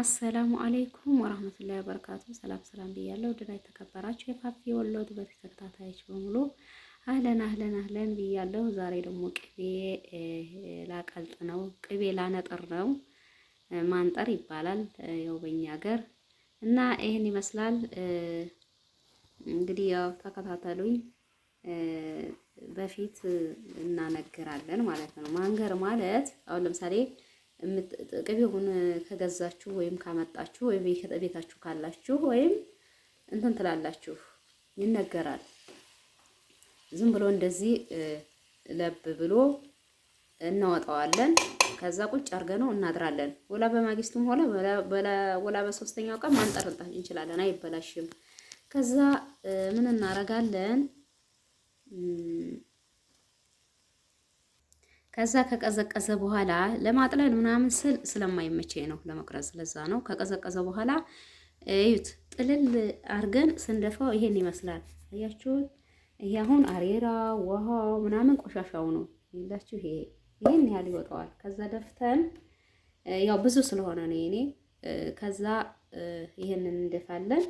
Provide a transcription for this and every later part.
አሰላሙ አሌይኩም ወራህመቱላሂ ወበረካቱ። ሰላም ሰላም ብያለሁ። ድና የተከበራችሁ የፋፊ ወሎት በተከታታዮች በሙሉ አህለን አህለን አህለን ብያለሁ። ዛሬ ደግሞ ቅቤ ላቀልጥ ነው፣ ቅቤ ላነጥር ነው። ማንጠር ይባላል ያው በእኛ ሀገር እና ይሄን ይመስላል እንግዲህ ያው ተከታተሉኝ። በፊት እናነግራለን ማለት ነው። ማንገር ማለት አሁን ለምሳሌ ቅቤውን ከገዛችሁ ወይም ካመጣችሁ ወይም ቤታችሁ ካላችሁ ወይም እንትን ትላላችሁ ይነገራል። ዝም ብሎ እንደዚህ ለብ ብሎ እናወጣዋለን። ከዛ ቁጭ አድርገነው እናድራለን። ወላ በማግስቱም ሆነ ወላ በሶስተኛው ቀን ማንጠርጠር እንችላለን፣ አይበላሽም። ከዛ ምን እናረጋለን? ከዛ ከቀዘቀዘ በኋላ ለማጥለል ምናምን ስል ስለማይመቸኝ ነው ለመቅረጽ፣ ለዛ ነው። ከቀዘቀዘ በኋላ እዩት፣ ጥልል አድርገን ስንደፋው ይሄን ይመስላል። አያችሁት? ይሄ አሁን አሬራ ውሃው ምናምን ቆሻሻው ነው ይላችሁ። ይሄ ይሄን ያህል ይወጣዋል። ከዛ ደፍተን ያው ብዙ ስለሆነ ነው እኔ ከዛ ይሄንን እንደፋለን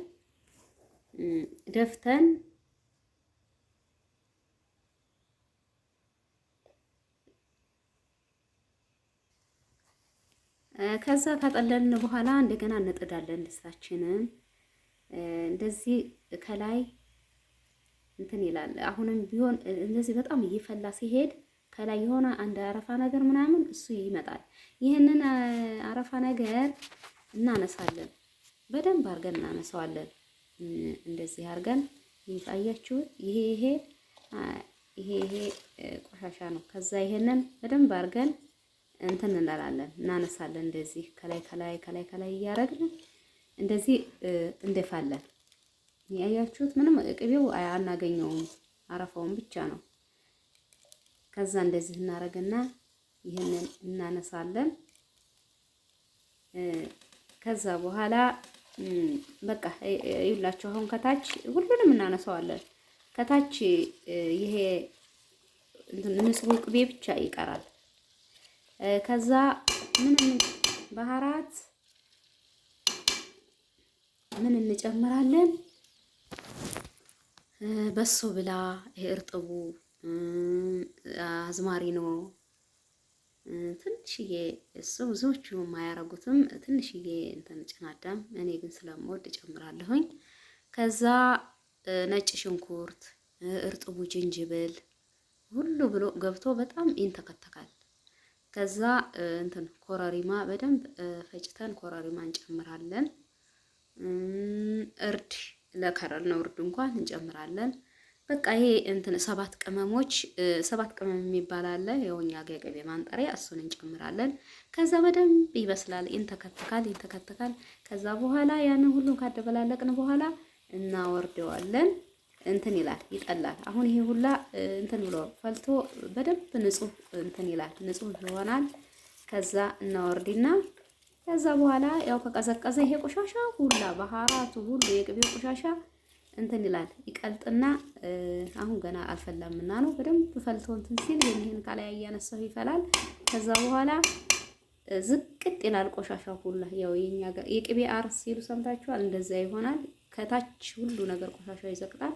ደፍተን ከዛ ካጠለልን በኋላ እንደገና እንጥዳለን ልስታችንን እንደዚህ ከላይ እንትን ይላል። አሁንም ቢሆን እንደዚህ በጣም እየፈላ ሲሄድ ከላይ የሆነ አንድ አረፋ ነገር ምናምን እሱ ይመጣል። ይህንን አረፋ ነገር እናነሳለን፣ በደንብ አድርገን እናነሳዋለን። እንደዚህ አድርገን አያችሁት? ይሄ ይሄ ይሄ ይሄ ቆሻሻ ነው። ከዛ ይሄንን በደንብ አድርገን እንትን እንላለን እናነሳለን። እንደዚህ ከላይ ከላይ ከላይ ከላይ እያረግን እንደዚህ እንደፋለን። ያያችሁት ምንም ቅቤው አናገኘውም፣ አረፋውን ብቻ ነው። ከዛ እንደዚህ እናረግና ይህንን እናነሳለን። ከዛ በኋላ በቃ ይውላችሁ አሁን ከታች ሁሉንም እናነሳዋለን። ከታች ይሄ ንጹህ ቅቤ ብቻ ይቀራል። ከዛ ምን ባህራት ምን እንጨምራለን? በሶ ብላ ይሄ እርጥቡ አዝማሪ ነው። ትንሽዬ እሱ ብዙዎቹ የማያረጉትም ትንሽዬ እንትን ጭናዳም፣ እኔ ግን ስለምወድ እጨምራለሁኝ። ከዛ ነጭ ሽንኩርት፣ እርጥቡ፣ ጅንጅብል ሁሉ ብሎ ገብቶ በጣም ይንተከተካል። ከዛ እንትን ኮረሪማ በደንብ ፈጭተን ኮረሪማ እንጨምራለን። እርድ ለከረር ነው እርድ እንኳን እንጨምራለን። በቃ ይሄ እንትን ሰባት ቅመሞች ሰባት ቅመም የሚባል አለ። የውኛ ገገቤ ማንጠሪያ እሱን እንጨምራለን። ከዛ በደንብ ይበስላል። ይንተከተካል ይንተከተካል። ከዛ በኋላ ያንን ሁሉም ካደበላለቅን በኋላ እናወርደዋለን። እንትን ይላል ይጠላል። አሁን ይሄ ሁላ እንትን ብሎ ፈልቶ በደንብ ንጹህ እንትን ይላል፣ ንጹህ ይሆናል። ከዛ እናወርድና ከዛ በኋላ ያው ከቀዘቀዘ ይሄ ቆሻሻ ሁላ ባህራቱ ሁሉ የቅቤ ቆሻሻ እንትን ይላል ይቀልጥና፣ አሁን ገና አልፈላምና ነው። በደንብ ፈልቶ እንትን ሲል ይሄን ከላይ እያነሳሁ ይፈላል። ከዛ በኋላ ዝቅጥ ይላል ቆሻሻ ሁላ። ያው የኛ የቅቤ አርስ ሲሉ ሰምታችኋል። እንደዛ ይሆናል። ከታች ሁሉ ነገር ቆሻሻው ይዘቅጣል።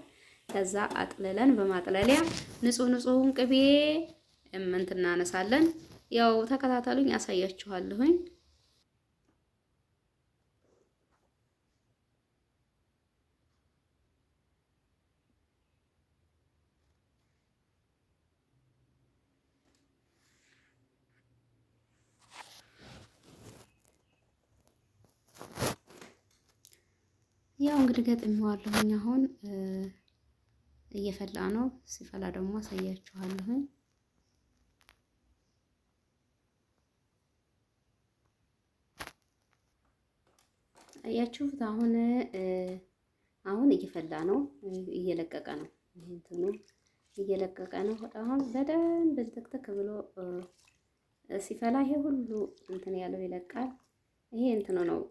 ከዛ አጥልለን በማጥለሊያ ንጹህ ንጹህን ቅቤ እምንት እናነሳለን። ያው ተከታተሉኝ፣ ያሳያችኋለሁኝ ያው እንግዲህ ገጥሜዋለሁኝ አሁን እየፈላ ነው። ሲፈላ ደግሞ አሳያችኋለሁ። አያችሁት? አሁን አሁን እየፈላ ነው፣ እየለቀቀ ነው። እንትኑ እየለቀቀ ነው። አሁን በደንብ ትክትክ ብሎ ሲፈላ ይሄ ሁሉ እንትን ያለው ይለቃል። ይሄ እንትኑ ነው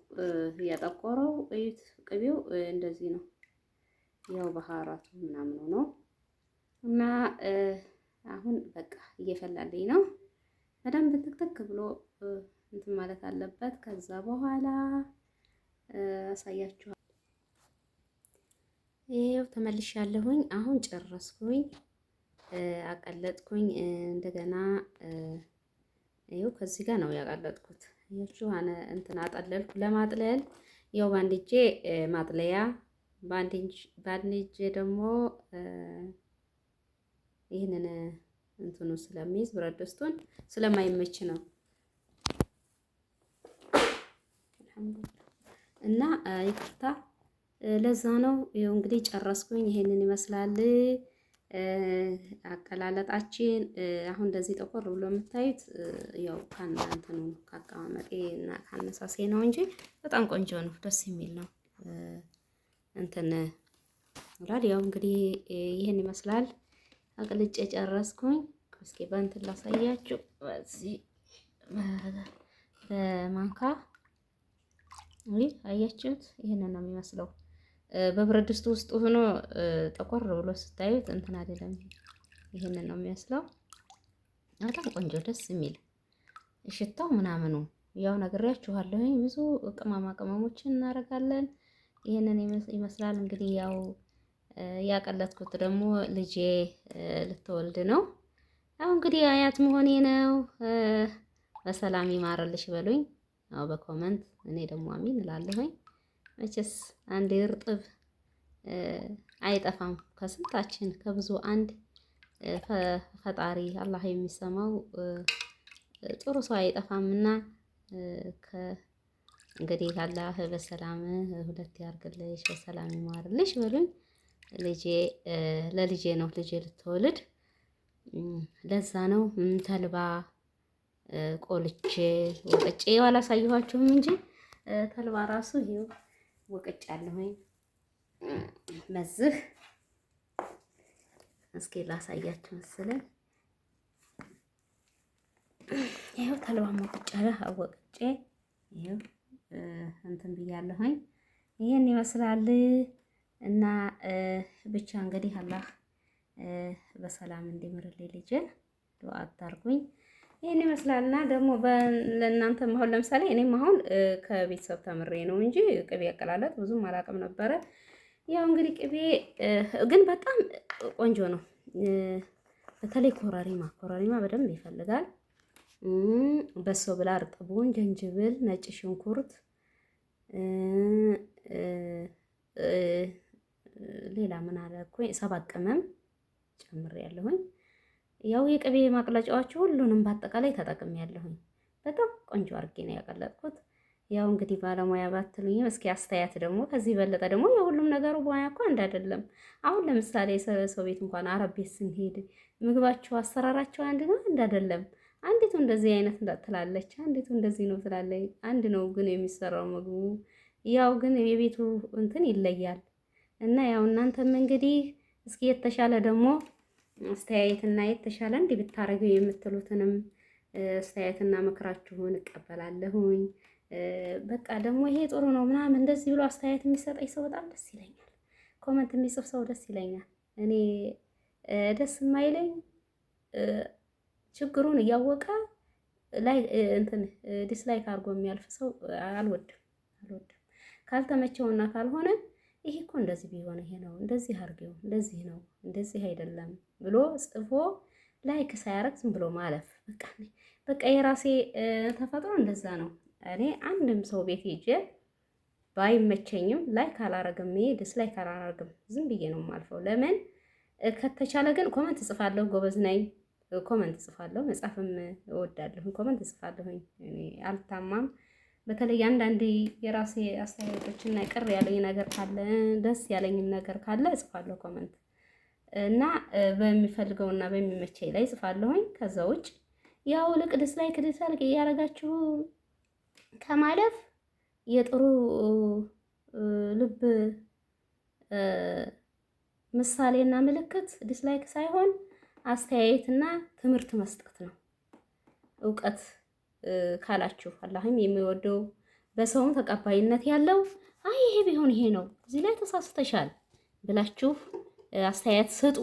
ያጠቆረው። እዩት፣ ቅቤው እንደዚህ ነው። ያው ባህራቱ ምናምኑ ነው እና አሁን በቃ እየፈላልኝ ነው። በደንብ ትክትክ ብሎ እንትን ማለት አለበት። ከዛ በኋላ አሳያችኋል። ይሄው ተመልሽ ያለሁኝ አሁን ጨረስኩኝ፣ አቀለጥኩኝ። እንደገና ይሄው ከዚህ ጋር ነው ያቀለጥኩት። ይሄው አነ እንትን አጠለልኩ። ለማጥለል ያው ባንድጄ ማጥለያ በአንድ ደግሞ ይህንን እንትኑ ስለሚይዝ ብረት ድስቱን ስለማይመች ነው እና ይቅርታ፣ ለዛ ነው ይኸው እንግዲህ ጨረስኩኝ። ይሄንን ይመስላል አቀላለጣችን። አሁን እንደዚህ ጠቆር ብሎ የምታዩት ያው ካና እንትኑ እና ካነሳሴ ነው እንጂ በጣም ቆንጆ ነው፣ ደስ የሚል ነው። እንትን ይላል። ያው እንግዲህ ይህን ይመስላል። አቅልጬ ጨረስኩኝ። እስኪ በእንትን ላሳያችሁ። በዚህ በማንካ አያችሁት? ይህንን ነው የሚመስለው። በብረት ድስት ውስጥ ሆኖ ጠቆር ብሎ ስታዩት እንትን አይደለም። ይህን ነው የሚመስለው። በጣም ቆንጆ ደስ የሚል ሽታው ምናምኑ ያው ነግሬያችኋለሁኝ። ብዙ ቅመማ ቅመሞችን እናደርጋለን። ይህንን ይመስላል እንግዲህ ያው ያቀለጥኩት ደግሞ ልጄ ልትወልድ ነው። ያው እንግዲህ አያት መሆኔ ነው። በሰላም ይማረልሽ በሉኝ። ያው በኮመንት እኔ ደግሞ አሚን እላለሁኝ። መቼስ አንድ እርጥብ አይጠፋም ከስንታችን ከብዙ አንድ ፈጣሪ አላህ የሚሰማው ጥሩ ሰው አይጠፋምና እንግዲህ ካላህ በሰላም ሁለት ያርግልሽ፣ በሰላም ይማርልሽ በሉኝ። ልጄ ለልጄ ነው ልጄ ልትወልድ ለዛ ነው ተልባ ቆልቼ ወቅጬ አላሳየኋችሁም እንጂ ተልባ ራሱ ይኸው ወቅጬ አለሁኝ። መዝህ እስኪ ላሳያችሁ መሰለኝ። ይኸው ተልባ ወቅጬ አለ አወቅጬ ይኸው እንትን ብያለሁኝ። ይህን ይመስላል እና ብቻ እንግዲህ አላህ በሰላም እንዲምርልኝ ልጄን ዱአ አታርጉኝ። ይህን ይመስላል እና ደግሞ ለእናንተም አሁን ለምሳሌ እኔም አሁን ከቤተሰብ ተምሬ ነው እንጂ ቅቤ አቀላለጥ ብዙም አላውቅም ነበረ። ያው እንግዲህ ቅቤ ግን በጣም ቆንጆ ነው። በተለይ ኮረሪማ ኮረሪማ በደንብ ይፈልጋል። በሶ ብላ እርጥቡን፣ ጀንጅብል፣ ነጭ ሽንኩርት፣ ሌላ ምን አደረኩኝ? ሰባት ቅመም ጨምር ያለሁኝ። ያው የቅቤ ማቅለጫዎች ሁሉንም በአጠቃላይ ተጠቅም ያለሁኝ። በጣም ቆንጆ አድርጌ ነው ያቀለጥኩት። ያው እንግዲህ ባለሙያ ባትሉኝም እስኪ አስተያየት ደግሞ ከዚህ በለጠ ደግሞ የሁሉም ነገሩ በሙያ እኮ አንድ አይደለም። አሁን ለምሳሌ ሰው ቤት እንኳን አረብ ቤት ስንሄድ ምግባቸው አሰራራቸው አንድ ነው፣ አንድ አይደለም። አንዲቱ እንደዚህ አይነት ትላለች፣ አንዲቱ እንደዚህ ነው ትላለች። አንድ ነው ግን የሚሰራው ምግቡ ያው ግን የቤቱ እንትን ይለያል እና ያው እናንተም እንግዲህ እስኪ የተሻለ ደግሞ አስተያየትና የተሻለ እንዲህ ብታረገው የምትሉትንም አስተያየትና ምክራችሁን እቀበላለሁኝ። በቃ ደግሞ ይሄ ጥሩ ነው ምናምን እንደዚህ ብሎ አስተያየት የሚሰጠኝ ሰው በጣም ደስ ይለኛል። ኮመንት የሚጽፍ ሰው ደስ ይለኛል። እኔ ደስ የማይለኝ ችግሩን እያወቀ ላይ እንትን ዲስላይክ አድርጎ የሚያልፍ ሰው አልወድም አልወድም። ካልተመቸውና ካልሆነ ይሄ እኮ እንደዚህ ቢሆን ይሄ ነው እንደዚህ አድርጌው እንደዚህ ነው እንደዚህ አይደለም ብሎ ጽፎ ላይክ ሳያረግ ዝም ብሎ ማለፍ በቃ በቃ የራሴ ተፈጥሮ እንደዛ ነው። እኔ አንድም ሰው ቤት ሄጄ ባይመቸኝም ላይክ አላረግም፣ ይሄ ዲስላይክ አላረግም። ዝም ብዬ ነው የማልፈው። ለምን ከተቻለ ግን ኮመንት እጽፋለሁ ጎበዝ ነኝ ኮመንት እጽፋለሁ፣ መጻፍም እወዳለሁ። ኮመንት እጽፋለሁኝ። አልታማም። በተለይ አንዳንዴ የራሴ አስተያየቶችና ቅር ያለኝ ነገር ካለ ደስ ያለኝም ነገር ካለ እጽፋለሁ ኮመንት እና በሚፈልገውና በሚመቸኝ ላይ ጽፋለሁ ከዛ ውጭ ያው ላይ ዲስላይክ ዲስላይክ እያደረጋችሁ ከማለፍ የጥሩ ልብ ምሳሌና ምልክት ዲስላይክ ሳይሆን አስተያየትና ትምህርት መስጠት ነው። እውቀት ካላችሁ አላህም የሚወደው በሰውም ተቀባይነት ያለው አይ ይሄ ቢሆን ይሄ ነው እዚህ ላይ ተሳስተሻል ብላችሁ አስተያየት ስጡ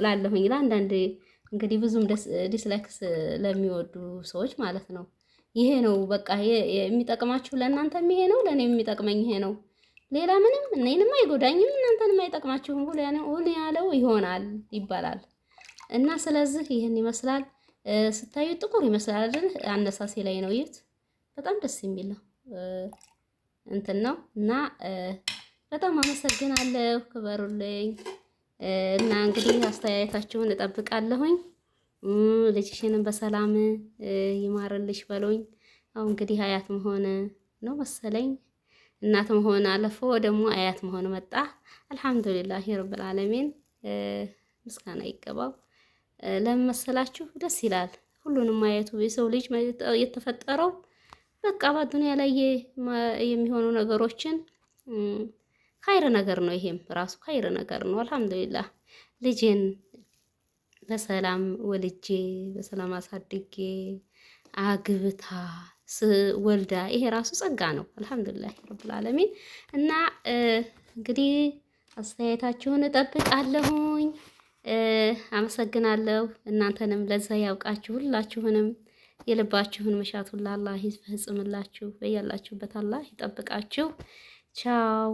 እላለሁኝ። ለአንዳንድ እንግዲህ ብዙም ዲስላይክስ ለሚወዱ ሰዎች ማለት ነው። ይሄ ነው በቃ የሚጠቅማችሁ ለእናንተም ይሄ ነው፣ ለእኔ የሚጠቅመኝ ይሄ ነው። ሌላ ምንም እኔንም አይጎዳኝም እናንተንም አይጠቅማችሁም። ሁሉ ያለው ይሆናል ይባላል። እና ስለዚህ ይህን ይመስላል። ስታዩ ጥቁር ይመስላል አይደል? አነሳሴ ላይ ነው። ይት በጣም ደስ የሚል ነው እንትን ነው እና በጣም አመሰግናለሁ። ክበሩልኝ እና እንግዲህ አስተያየታችሁን እጠብቃለሁኝ። ልጅሽንም በሰላም ይማርልሽ በሉኝ። አሁን እንግዲህ አያት መሆን ነው መሰለኝ እናት መሆን አለፎ ደግሞ አያት መሆን መጣ። አልሐምዱሊላሂ ረብል ዓለሚን ምስጋና ይገባው። ለምን መሰላችሁ? ደስ ይላል ሁሉንም ማየቱ። የሰው ልጅ የተፈጠረው በቃ በዱንያ ላይ የሚሆኑ ነገሮችን ኸይር ነገር ነው። ይሄም ራሱ ኸይር ነገር ነው። አልሐምዱሊላህ ልጄን በሰላም ወልጄ በሰላም አሳድጌ አግብታ ወልዳ ይሄ ራሱ ጸጋ ነው። አልሐምዱሊላህ ረብል ዓለሚን እና እንግዲህ አስተያየታችሁን እጠብቃለሁ። አመሰግናለሁ። እናንተንም ለዛ ያውቃችሁ። ሁላችሁንም የልባችሁን መሻት ሁላ አላህ ይፈጽምላችሁ። በያላችሁበት አላህ ይጠብቃችሁ። ቻው